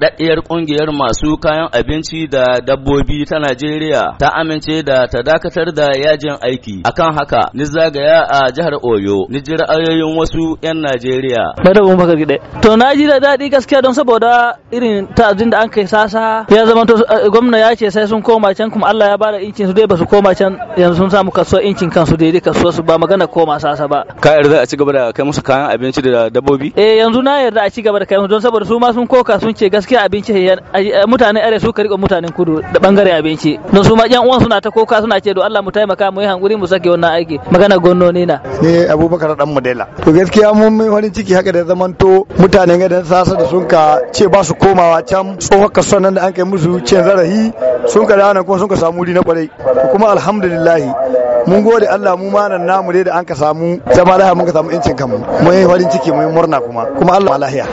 haɗaɗɗiyar ƙungiyar masu kayan abinci da dabbobi ta Najeriya ta amince da ta dakatar da yajin aiki. Akan haka, ni zagaya a jihar Oyo, ni jira ayoyin wasu 'yan Najeriya. Bada umar gide. To na ji da daɗi gaskiya don saboda irin ta'azin da an kai sasa ya zama to eh, gwamna ya ce sai sun koma can kuma Allah ya bada incin su dai basu koma can yanzu sun samu kaso incin kansu daidai kaso su ba magana koma sasa ba. Ka yarda a ci gaba da kai musu kayan abinci da dabbobi? Eh yanzu na yarda a ci gaba da kai musu don saboda su ma sun koka sun ce gaskiya gaskiya abinci mutanen are su karɓi mutanen kudu da bangare abinci don su ma yan uwan suna ta koka suna ce do Allah mu taimaka mu yi hankuri mu sake wannan aiki magana ne na ni Abubakar dan Mudela to gaskiya mun mai wani ciki haka da zamanto mutanen gadan sasa da sun ka ce ba su komawa can tsohon kasuwan nan da an kai musu cin zarahi sun ka dawo kuma sun ka samu wuri na kwarai kuma alhamdulillah mun gode Allah mu ma nan namu dai da an ka samu ta mun ka samu incin kanmu mun yi farin ciki mun yi murna kuma kuma Allah lahiya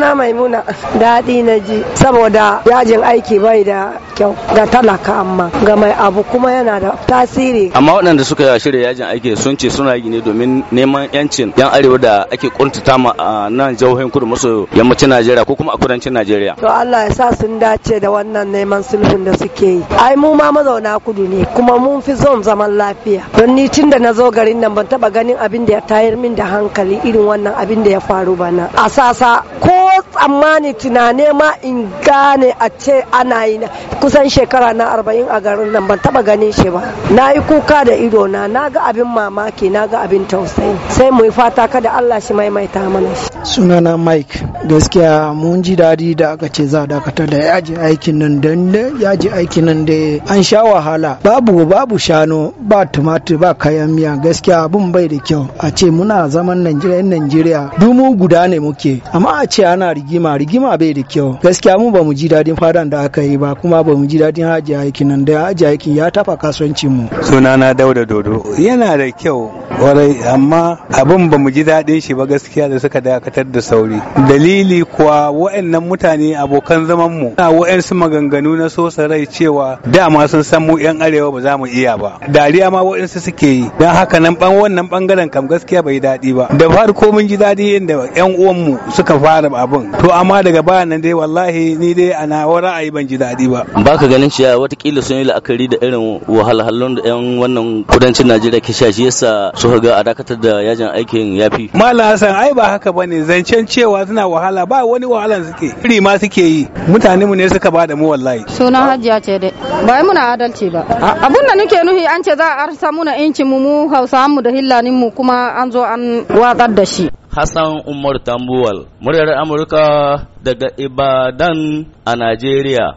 na maimuna daɗi na ji saboda yajin aiki bai da kyau da talaka amma ga mai abu kuma yana da tasiri amma waɗanda suka shirya yajin aiki sun ce suna yi ne domin neman yancin yan arewa da ake kuntata ma a nan jihohin kudu maso yammacin Najeriya ko kuma a kudancin Najeriya to Allah ya sa sun dace da wannan neman sulhun da suke yi ai mu ma mazauna kudu ne kuma mun fi son zaman lafiya lafiya don ni tun da na zo garin nan ban taba ganin abin da ya tayar min da hankali irin wannan abin da ya faru bana a sasa ko tsammani tunane ma in gane a ce ana yi kusan shekara na arba'in a garin nan ban taba ganin shi ba na yi kuka da ido na na ga abin mamaki na ga abin tausayi sai mu yi fata kada Allah shi maimaita mana shi sunana mike gaskiya mun ji dadi da aka ce za dakatar da yaji aikin nan ya yaji aikin nan da an sha wahala babu babu shano ba tuma tumatir ba kayan miya gaskiya abun bai da kyau a ce muna zaman najeriya najeriya dumu guda ne muke amma a ce ana rigima rigima bai da kyau gaskiya mu ba mu ji dadin fadan da aka yi ba kuma ba mu ji dadin haji aikin nan da haji aikin ya tafa kasuwancin mu sunana dauda dodo yana da kyau kwarai amma abin ba mu ji daɗin shi ba gaskiya da suka dakatar da sauri dalili kuwa wa'annan mutane abokan zaman mu na wa'ansu maganganu na sosa rai cewa dama sun san mu yan arewa ba za mu iya ba dariya ma waɗansu suke yi don haka nan ban wannan bangaren kam gaskiya bai daɗi ba da farko mun ji daɗi inda yan uwanmu suka fara abin to amma daga bayan nan dai wallahi ni dai ana ra'ayi ban ji daɗi ba ba ka ganin cewa watakila sun yi la'akari da irin wahalhalun da yan wannan kudancin najeriya ke shashi yasa su ga a dakatar da yajin aikin yafi malam hassan ai ba haka ba ne. zancen cewa suna wahala ba wani wahalan suke iri ma suke yi mutane mu ne suka ba da mu wallahi sunan hajiya ce dai ba muna adalci ba abun da nake nuhi an ce za a arsa rusa muna inci mu mu hausawan mu da hillanin mu kuma an zo an watsar da shi Hassan Umar Tambuwal muryar Amurka daga Ibadan a Najeriya